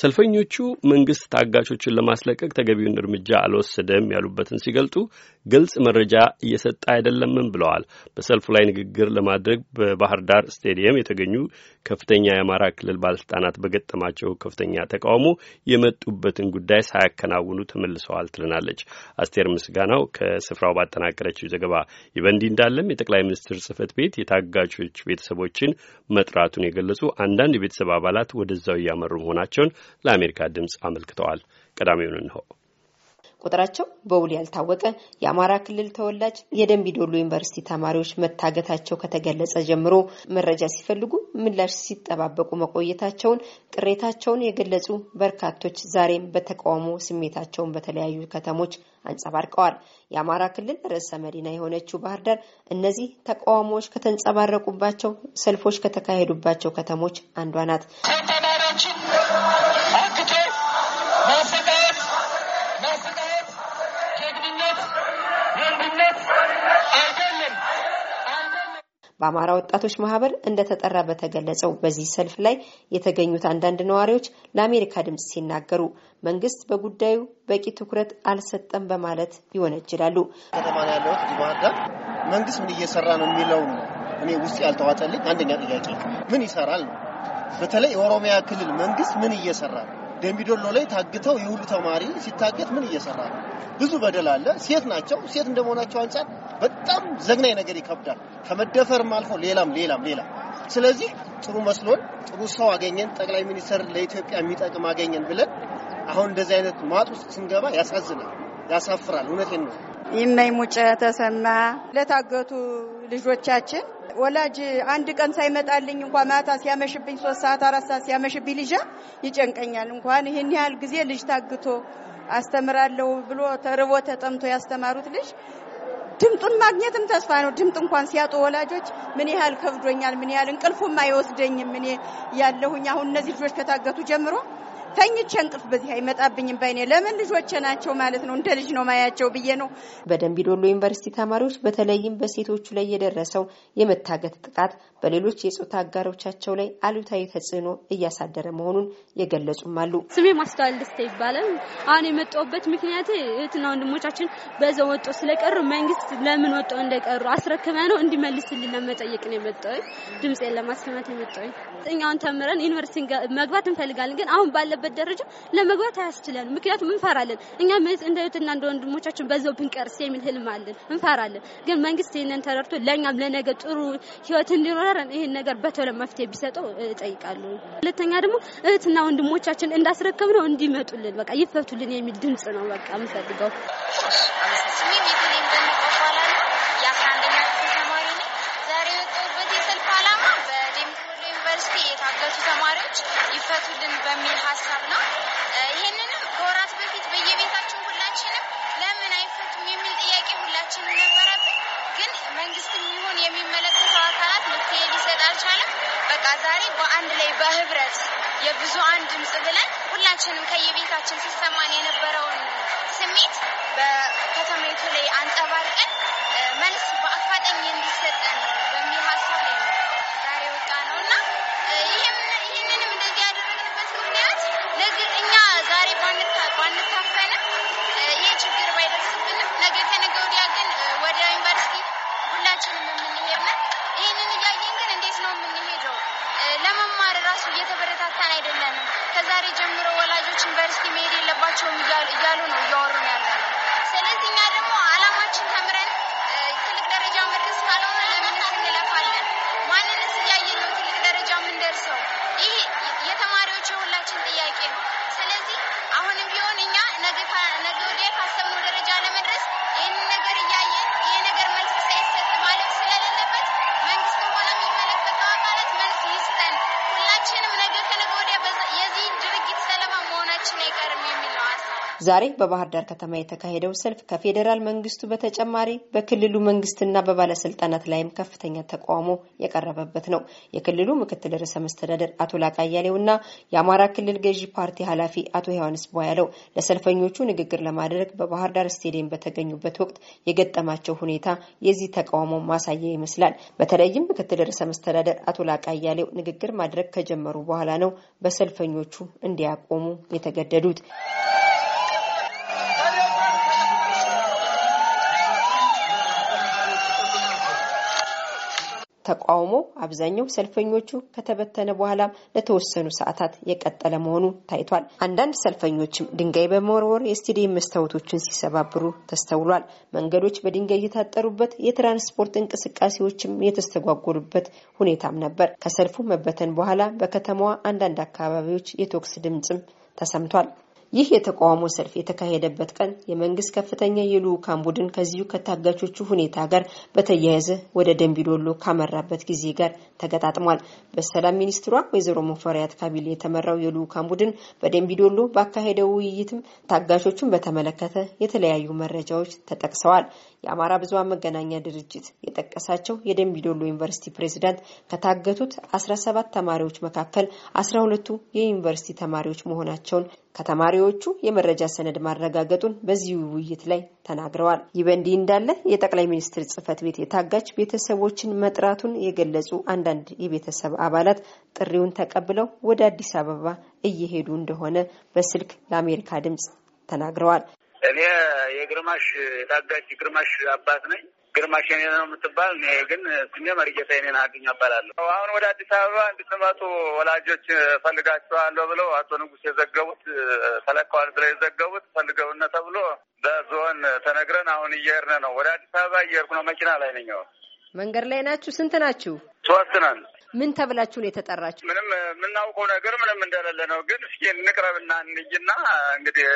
ሰልፈኞቹ መንግስት ታጋቾችን ለማስለቀቅ ተገቢውን እርምጃ አልወሰደም ያሉበትን ሲገልጡ ግልጽ መረጃ እየሰጠ አይደለምም ብለዋል። በሰልፉ ላይ ንግግር ለማድረግ በባህር ዳር ስቴዲየም የተገኙ ከፍተኛ የአማራ ክልል ባለስልጣናት በገጠማቸው ከፍተኛ ተቃውሞ የመጡበትን ጉዳይ ሳያከናውኑ ተመልሰዋል ትልናለች አስቴር ምስጋናው ከስፍራው ባጠናቀረችው ዘገባ። ይህ በእንዲህ እንዳለም የጠቅላይ ሚኒስትር ጽህፈት ቤት የታጋቾች ቤተሰቦችን መጥራቱን የገለጹ አንዳንድ የቤተሰብ አባላት ወደዛው እያመሩ መሆናቸውን ለአሜሪካ ድምፅ አመልክተዋል። ቀዳሚውን እንሆ። ቁጥራቸው በውል ያልታወቀ የአማራ ክልል ተወላጅ የደንቢዶሎ ዩኒቨርሲቲ ተማሪዎች መታገታቸው ከተገለጸ ጀምሮ መረጃ ሲፈልጉ ምላሽ ሲጠባበቁ መቆየታቸውን ቅሬታቸውን የገለጹ በርካቶች ዛሬም በተቃውሞ ስሜታቸውን በተለያዩ ከተሞች አንጸባርቀዋል። የአማራ ክልል ርዕሰ መዲና የሆነችው ባህር ዳር እነዚህ ተቃውሞዎች ከተንጸባረቁባቸው ሰልፎች ከተካሄዱባቸው ከተሞች አንዷ ናት። ማሰቃየት፣ ማሰቃየት ጀግንነት፣ ወንድነት አይደለም። በአማራ ወጣቶች ማህበር እንደተጠራ በተገለጸው በዚህ ሰልፍ ላይ የተገኙት አንዳንድ ነዋሪዎች ለአሜሪካ ድምፅ ሲናገሩ መንግስት በጉዳዩ በቂ ትኩረት አልሰጠም በማለት ይወነጅላሉ። ከተማ ነው ያለሁት። መንግስት ምን እየሰራ ነው የሚለው እኔ ውስጥ ያልተዋጠልኝ አንደኛ ጥያቄ ምን ይሰራል ነው። በተለይ የኦሮሚያ ክልል መንግስት ምን እየሰራ ነው ደምቢዶሎ ላይ ታግተው የሁሉ ተማሪ ሲታገት ምን እየሰራ ነው? ብዙ በደል አለ። ሴት ናቸው። ሴት እንደመሆናቸው አንጻር በጣም ዘግናኝ ነገር ይከብዳል። ከመደፈርም አልፎ ሌላም ሌላም ሌላም። ስለዚህ ጥሩ መስሎን ጥሩ ሰው አገኘን፣ ጠቅላይ ሚኒስትር ለኢትዮጵያ የሚጠቅም አገኘን ብለን አሁን እንደዚህ አይነት ማጥ ውስጥ ስንገባ ያሳዝናል፣ ያሳፍራል። እውነቴን ነው። ይመኝ ሙጨ ተሰማ ለታገቱ ልጆቻችን ወላጅ አንድ ቀን ሳይመጣልኝ እንኳ ማታ ሲያመሽብኝ ሶስት ሰዓት አራት ሰዓት ሲያመሽብኝ ልጃ ይጨንቀኛል። እንኳን ይህን ያህል ጊዜ ልጅ ታግቶ አስተምራለሁ ብሎ ተርቦ ተጠምቶ ያስተማሩት ልጅ ድምጡን ማግኘትም ተስፋ ነው። ድምጥ እንኳን ሲያጡ ወላጆች ምን ያህል ከብዶኛል፣ ምን ያህል እንቅልፉም አይወስደኝም እኔ ያለሁኝ አሁን እነዚህ ልጆች ከታገቱ ጀምሮ ተኝቼ እንቅልፍ በዚህ አይመጣብኝም። ባይኔ ለምን ልጆቼ ናቸው ማለት ነው እንደ ልጅ ነው ማያቸው ብዬ ነው። በደንቢ ዶሎ ዩኒቨርሲቲ ተማሪዎች በተለይም በሴቶቹ ላይ የደረሰው የመታገት ጥቃት በሌሎች የጾታ አጋሮቻቸው ላይ አሉታዊ ተጽዕኖ እያሳደረ መሆኑን የገለጹም አሉ። ስሜ ማስተዋል ደስታ ይባላል። አሁን የመጣሁበት ምክንያት እህትና ወንድሞቻችን በዛው ወጦ ስለቀሩ መንግስት ለምን ወጦ እንደቀሩ አስረክመ ነው እንዲመልስልን ለመጠየቅ ነው የመጣሁት። ድምጼን ለማስተማት የመጣሁት እኛውን ተምረን ዩኒቨርሲቲ መግባት እንፈልጋለን ግን አሁን ባለ ባለበት ደረጃ ለመግባት አያስችለንም። ምክንያቱም እንፈራለን። እኛ እንደ እህትና እንደ ወንድሞቻችን በዛው ብንቀርስ የሚል ህልም አለን፣ እንፈራለን። ግን መንግስት ይህንን ተረድቶ ለእኛም ለነገ ጥሩ ህይወት እንዲኖረን ይህን ነገር በቶሎ መፍትሄ ቢሰጠው እጠይቃለሁ። ሁለተኛ ደግሞ እህትና ወንድሞቻችን እንዳስረከብነው እንዲመጡልን በቃ ይፈቱልን የሚል ድምጽ ነው በቃ የምፈልገው። ሀሳብ ነው። ይህንንም ከወራት በፊት በየቤታችን ሁላችንም ለምን አይፈቱም የሚል ጥያቄ ሁላችንም ነበረብን። ግን መንግስትም ይሁን የሚመለከተው አካላት መፍትሄ ሊሰጥ አልቻለም። በቃ ዛሬ በአንድ ላይ በህብረት የብዙሃን ድምፅ ብለን ሁላችንም ከየቤታችን ሲሰማን የነበረውን ስሜት በከተማይቱ ላይ አንጸባርቀን መልስ በአፋጣኝ እንዲሰጠን በሚል ሀሳብ ላይ ነው። አይደለንም። ከዛሬ ጀምሮ ወላጆች ዩኒቨርሲቲ መሄድ የለባቸውም እያሉ ነው እያወሩ ዛሬ በባህር ዳር ከተማ የተካሄደው ሰልፍ ከፌዴራል መንግስቱ በተጨማሪ በክልሉ መንግስትና በባለስልጣናት ላይም ከፍተኛ ተቃውሞ የቀረበበት ነው። የክልሉ ምክትል ርዕሰ መስተዳደር አቶ ላቃ ያሌው እና የአማራ ክልል ገዢ ፓርቲ ኃላፊ አቶ ዮሐንስ ቧያለው ለሰልፈኞቹ ንግግር ለማድረግ በባህር ዳር ስቴዲየም በተገኙበት ወቅት የገጠማቸው ሁኔታ የዚህ ተቃውሞ ማሳያ ይመስላል። በተለይም ምክትል ርዕሰ መስተዳደር አቶ ላቃ ንግግር ማድረግ ከጀመሩ በኋላ ነው በሰልፈኞቹ እንዲያቆሙ የተገደዱት። ተቃውሞ አብዛኛው ሰልፈኞቹ ከተበተነ በኋላም ለተወሰኑ ሰዓታት የቀጠለ መሆኑ ታይቷል። አንዳንድ ሰልፈኞችም ድንጋይ በመወርወር የስቴዲየም መስታወቶችን ሲሰባብሩ ተስተውሏል። መንገዶች በድንጋይ የታጠሩበት፣ የትራንስፖርት እንቅስቃሴዎችም የተስተጓጎሉበት ሁኔታም ነበር። ከሰልፉ መበተን በኋላ በከተማዋ አንዳንድ አካባቢዎች የተኩስ ድምፅም ተሰምቷል። ይህ የተቃውሞ ሰልፍ የተካሄደበት ቀን የመንግስት ከፍተኛ የልዑካን ቡድን ከዚሁ ከታጋቾቹ ሁኔታ ጋር በተያያዘ ወደ ደንቢዶሎ ካመራበት ጊዜ ጋር ተገጣጥሟል። በሰላም ሚኒስትሯ ወይዘሮ ሙፈሪያት ካቢሌ የተመራው የልዑካን ቡድን በደንቢዶሎ ባካሄደው ውይይትም ታጋቾቹን በተመለከተ የተለያዩ መረጃዎች ተጠቅሰዋል። የአማራ ብዙሃን መገናኛ ድርጅት የጠቀሳቸው የደምቢዶሎ ዩኒቨርሲቲ ፕሬዝዳንት ከታገቱት አስራ ሰባት ተማሪዎች መካከል አስራ ሁለቱ የዩኒቨርሲቲ ተማሪዎች መሆናቸውን ከተማሪዎቹ የመረጃ ሰነድ ማረጋገጡን በዚህ ውይይት ላይ ተናግረዋል። ይህ በእንዲህ እንዳለ የጠቅላይ ሚኒስትር ጽህፈት ቤት የታጋች ቤተሰቦችን መጥራቱን የገለጹ አንዳንድ የቤተሰብ አባላት ጥሪውን ተቀብለው ወደ አዲስ አበባ እየሄዱ እንደሆነ በስልክ ለአሜሪካ ድምጽ ተናግረዋል። እኔ የግርማሽ የታጋች ግርማሽ አባት ነኝ። ግርማሽ የኔ ነው የምትባል። እኔ ግን ስሜ መርጌታ የኔን አገኝ እባላለሁ። አሁን ወደ አዲስ አበባ እንድትመጡ ወላጆች ፈልጋቸዋለሁ ብለው አቶ ንጉስ የዘገቡት ተለካዋል ብለው የዘገቡት ፈልገውነ ተብሎ በዞን ተነግረን አሁን እየሄድን ነው። ወደ አዲስ አበባ እየሄድኩ ነው። መኪና ላይ ነኝ። መንገድ ላይ ናችሁ? ስንት ናችሁ? ሶስት ነን። ምን ተብላችሁ ነው የተጠራችሁ? ምንም የምናውቀው ነገር ምንም እንደሌለ ነው። ግን እስኪ እንቅረብና እንይና እንግዲህ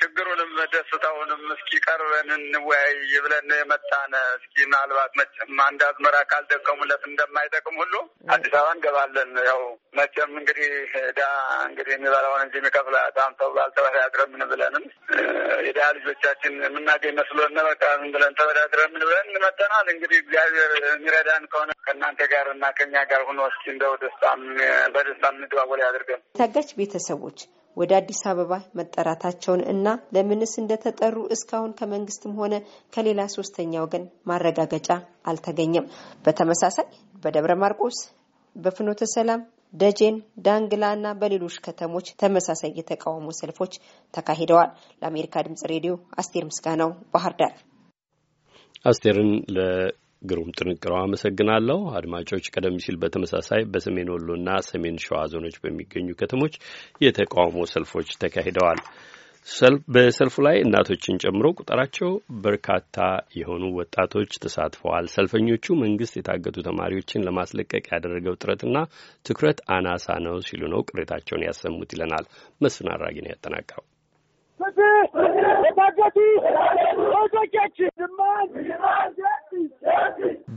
ችግሩንም ደስታውንም እስኪ ቀርበን እንወያይ ብለን የመጣን እስኪ ምናልባት መቼም አንድ አዝመራ ካልደቀሙለት እንደማይጠቅም ሁሉ አዲስ አበባ እንገባለን። ያው መቼም እንግዲህ ዳ እንግዲህ የሚበላውን እንጂ የሚከፍለ ጣም ተብሏል። ተበዳድረን ምን ብለንም የዳ ልጆቻችን የምናገኝ መስሎን በቃ ብለን ተበዳድረን ምን ብለን እንመጠናል። እንግዲህ እግዚአብሔር የሚረዳን ከሆነ ከእናንተ ጋር እና ከኛ ጋር ሁ ሆኖ እስኪ እንደው በደስታ እንደዋወል ያደርገን። ታጋች ቤተሰቦች ወደ አዲስ አበባ መጠራታቸውን እና ለምንስ እንደተጠሩ እስካሁን ከመንግስትም ሆነ ከሌላ ሶስተኛ ወገን ማረጋገጫ አልተገኘም። በተመሳሳይ በደብረ ማርቆስ፣ በፍኖተ ሰላም፣ ደጀን፣ ዳንግላ እና በሌሎች ከተሞች ተመሳሳይ የተቃውሞ ሰልፎች ተካሂደዋል። ለአሜሪካ ድምጽ ሬዲዮ አስቴር ምስጋናው ባህር ዳር። አስቴርን ግሩም ጥንቅረው አመሰግናለሁ። አድማጮች፣ ቀደም ሲል በተመሳሳይ በሰሜን ወሎና ሰሜን ሸዋ ዞኖች በሚገኙ ከተሞች የተቃውሞ ሰልፎች ተካሂደዋል። በሰልፉ ላይ እናቶችን ጨምሮ ቁጥራቸው በርካታ የሆኑ ወጣቶች ተሳትፈዋል። ሰልፈኞቹ መንግስት የታገቱ ተማሪዎችን ለማስለቀቅ ያደረገው ጥረትና ትኩረት አናሳ ነው ሲሉ ነው ቅሬታቸውን ያሰሙት ይለናል መስፍን አራጊ ነው ያጠናቀረው። የታገቱ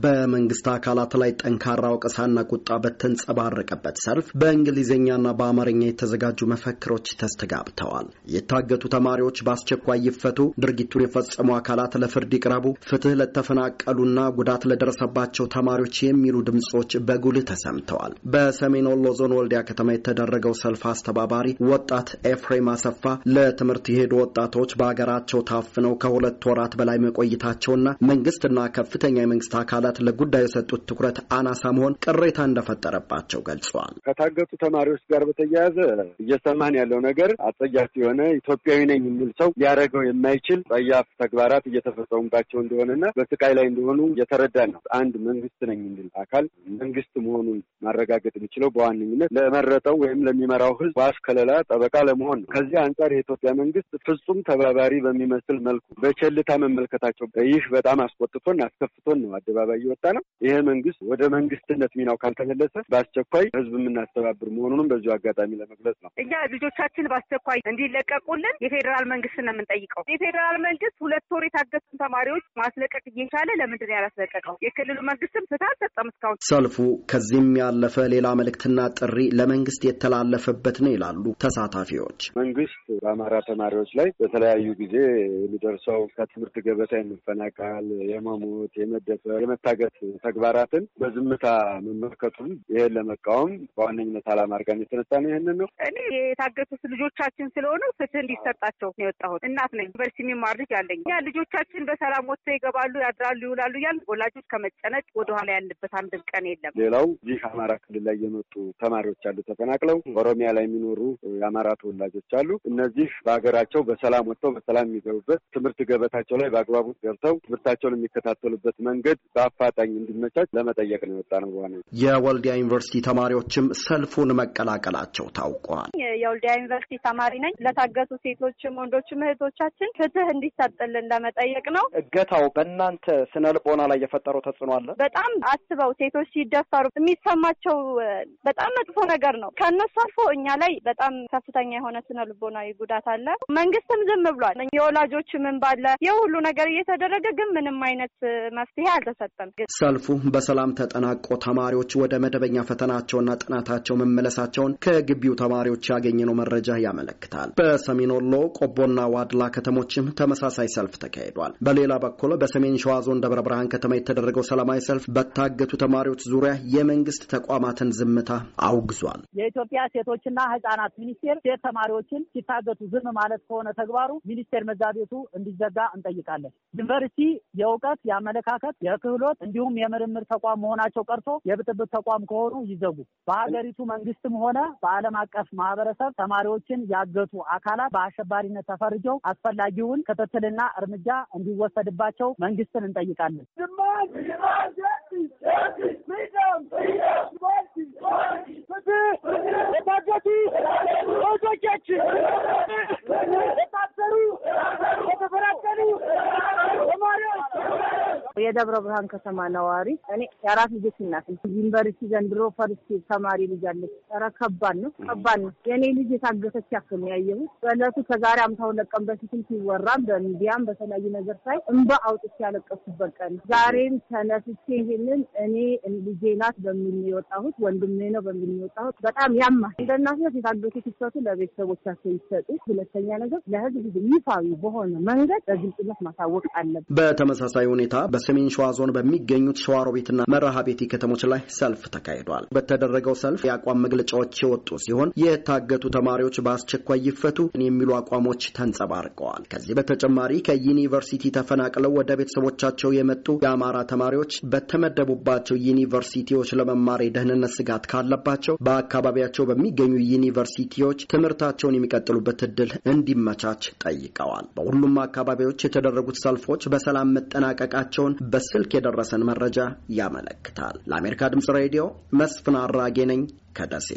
በመንግስት አካላት ላይ ጠንካራ ወቀሳና ቁጣ በተንጸባረቀበት ሰልፍ በእንግሊዝኛና በአማርኛ የተዘጋጁ መፈክሮች ተስተጋብተዋል። የታገቱ ተማሪዎች በአስቸኳይ ይፈቱ፣ ድርጊቱን የፈጸሙ አካላት ለፍርድ ይቅረቡ፣ ፍትህ ለተፈናቀሉና ጉዳት ለደረሰባቸው ተማሪዎች የሚሉ ድምጾች በጉልህ ተሰምተዋል። በሰሜን ወሎ ዞን ወልዲያ ከተማ የተደረገው ሰልፍ አስተባባሪ ወጣት ኤፍሬም አሰፋ ለትምህርት የሄዱ ወጣቶች በሀገራቸው ታፍነው ከሁለት ወራት በላይ መቆይታቸውና መንግስትና ከፍ ከፍተኛ የመንግስት አካላት ለጉዳዩ የሰጡት ትኩረት አናሳ መሆን ቅሬታ እንደፈጠረባቸው ገልጸዋል። ከታገቱ ተማሪዎች ጋር በተያያዘ እየሰማን ያለው ነገር አጸያፊ የሆነ ኢትዮጵያዊ ነኝ የሚል ሰው ሊያደርገው የማይችል ጸያፍ ተግባራት እየተፈጸሙባቸው እንደሆነና በስቃይ ላይ እንደሆኑ እየተረዳ ነው። አንድ መንግስት ነኝ የሚል አካል መንግስት መሆኑን ማረጋገጥ የሚችለው በዋነኝነት ለመረጠው ወይም ለሚመራው ህዝብ ዋስ፣ ከለላ፣ ጠበቃ ለመሆን ነው። ከዚህ አንጻር የኢትዮጵያ መንግስት ፍጹም ተባባሪ በሚመስል መልኩ በቸልታ መመልከታቸው ይህ በጣም አስቆጥቶና አስከፍቶን ነው አደባባይ እየወጣ ነው። ይሄ መንግስት ወደ መንግስትነት ሚናው ካልተመለሰ በአስቸኳይ ህዝብ የምናስተባብር መሆኑንም በዚሁ አጋጣሚ ለመግለጽ ነው። እኛ ልጆቻችን በአስቸኳይ እንዲለቀቁልን የፌዴራል መንግስት ነው የምንጠይቀው። የፌዴራል መንግስት ሁለት ወር የታገቱን ተማሪዎች ማስለቀቅ እየቻለ ለምንድን ያላስለቀቀው? የክልሉ መንግስትም ፍትህ አልሰጠም እስካሁን። ሰልፉ ከዚህም ያለፈ ሌላ መልእክትና ጥሪ ለመንግስት የተላለፈበት ነው ይላሉ ተሳታፊዎች። መንግስት በአማራ ተማሪዎች ላይ በተለያዩ ጊዜ የሚደርሰው ከትምህርት ገበታ የመፈናቀል የመሞት የመጫወት፣ የመደፈ የመታገት ተግባራትን በዝምታ መመልከቱን ይህን ለመቃወም በዋነኝነት ዓላማ አድርገን ነው። ይህንን ነው። እኔ የታገቱት ልጆቻችን ስለሆኑ ፍትህ እንዲሰጣቸው ነው የወጣሁት። እናት ነኝ። ዩኒቨርሲቲ የሚማር ልጅ አለኝ። ልጆቻችን በሰላም ወጥተው ይገባሉ፣ ያድራሉ፣ ይውላሉ እያል ወላጆች ከመጨነቅ ወደኋላ ያልንበት አንድም ቀን የለም። ሌላው ይህ አማራ ክልል ላይ የመጡ ተማሪዎች አሉ ተፈናቅለው ኦሮሚያ ላይ የሚኖሩ የአማራ ተወላጆች አሉ። እነዚህ በሀገራቸው በሰላም ወጥተው በሰላም የሚገቡበት ትምህርት ገበታቸው ላይ በአግባቡ ገብተው ትምህርታቸውን የሚከታተሉ የሚቀበሉበት መንገድ በአፋጣኝ እንዲመቻች ለመጠየቅ ነው የወጣ ነው። በሆነ የወልዲያ ዩኒቨርሲቲ ተማሪዎችም ሰልፉን መቀላቀላቸው ታውቋል። የወልዲያ ዩኒቨርሲቲ ተማሪ ነኝ። ለታገቱ ሴቶችም ወንዶችም እህቶቻችን ፍትህ እንዲሰጥልን ለመጠየቅ ነው። እገታው በእናንተ ስነ ልቦና ላይ የፈጠረው ተጽዕኖ አለ? በጣም አስበው ሴቶች ሲደፈሩ የሚሰማቸው በጣም መጥፎ ነገር ነው። ከእነሱ አልፎ እኛ ላይ በጣም ከፍተኛ የሆነ ስነ ልቦናዊ ጉዳት አለ። መንግስትም ዝም ብሏል። የወላጆች ምን ባለ የሁሉ ነገር እየተደረገ ግን ምንም አይነት መፍትሄ አልተሰጠም። ሰልፉ በሰላም ተጠናቆ ተማሪዎች ወደ መደበኛ ፈተናቸውና ጥናታቸው መመለሳቸውን ከግቢው ተማሪዎች ያገኘነው መረጃ ያመለክታል። በሰሜን ወሎ ቆቦና ዋድላ ከተሞችም ተመሳሳይ ሰልፍ ተካሂዷል። በሌላ በኩል በሰሜን ሸዋ ዞን ደብረ ብርሃን ከተማ የተደረገው ሰላማዊ ሰልፍ በታገቱ ተማሪዎች ዙሪያ የመንግስት ተቋማትን ዝምታ አውግዟል። የኢትዮጵያ ሴቶችና ህጻናት ሚኒስቴር ሴት ተማሪዎችን ሲታገቱ ዝም ማለት ከሆነ ተግባሩ ሚኒስቴር መዛቤቱ እንዲዘጋ እንጠይቃለን። ዩኒቨርሲቲ የእውቀት አመለካከት የክህሎት እንዲሁም የምርምር ተቋም መሆናቸው ቀርቶ የብጥብጥ ተቋም ከሆኑ ይዘጉ። በሀገሪቱ መንግስትም ሆነ በዓለም አቀፍ ማህበረሰብ ተማሪዎችን ያገቱ አካላት በአሸባሪነት ተፈርጀው አስፈላጊውን ክትትልና እርምጃ እንዲወሰድባቸው መንግስትን እንጠይቃለን። የታገቱ የደብረ ብርሃን ከተማ ነዋሪ እኔ የአራት ልጆች እናት ዩኒቨርሲቲ ዘንድሮ ፈርስ ተማሪ ልጅ አለች። ኧረ ከባድ ነው ከባድ ነው። የእኔ ልጅ የታገተች ያክል ነው ያየሁት። በእለቱ ከዛሬ አምሳ ሁለት ቀን በፊትም ሲወራም በሚዲያም በተለያዩ ነገር ሳይ እንባ አውጥቼ ያለቀሱበት ቀን ዛሬም ተነስቼ ይህንን እኔ ልጄ ናት በሚል የወጣሁት ወንድሜ ነው በሚል የወጣሁት በጣም ያማል። እንደ እናትነት የታገቱት ይፈቱ፣ ለቤተሰቦቻቸው ይሰጡ። ሁለተኛ ነገር ለህዝብ ይፋዊ በሆነ መንገድ በግልጽነት ማሳወቅ አለብን። በተመሳሳይ ሁኔታ በስ በሰሜን ሸዋ ዞን በሚገኙት ሸዋሮቤትና መረሃ ቤቴ ከተሞች ላይ ሰልፍ ተካሂዷል። በተደረገው ሰልፍ የአቋም መግለጫዎች የወጡ ሲሆን የታገቱ ተማሪዎች በአስቸኳይ ይፈቱ የሚሉ አቋሞች ተንጸባርቀዋል። ከዚህ በተጨማሪ ከዩኒቨርሲቲ ተፈናቅለው ወደ ቤተሰቦቻቸው የመጡ የአማራ ተማሪዎች በተመደቡባቸው ዩኒቨርሲቲዎች ለመማር የደህንነት ስጋት ካለባቸው በአካባቢያቸው በሚገኙ ዩኒቨርሲቲዎች ትምህርታቸውን የሚቀጥሉበት እድል እንዲመቻች ጠይቀዋል። በሁሉም አካባቢዎች የተደረጉት ሰልፎች በሰላም መጠናቀቃቸውን በስልክ የደረሰን መረጃ ያመለክታል። ለአሜሪካ ድምጽ ሬዲዮ መስፍን አራጌ ነኝ ከደሴ።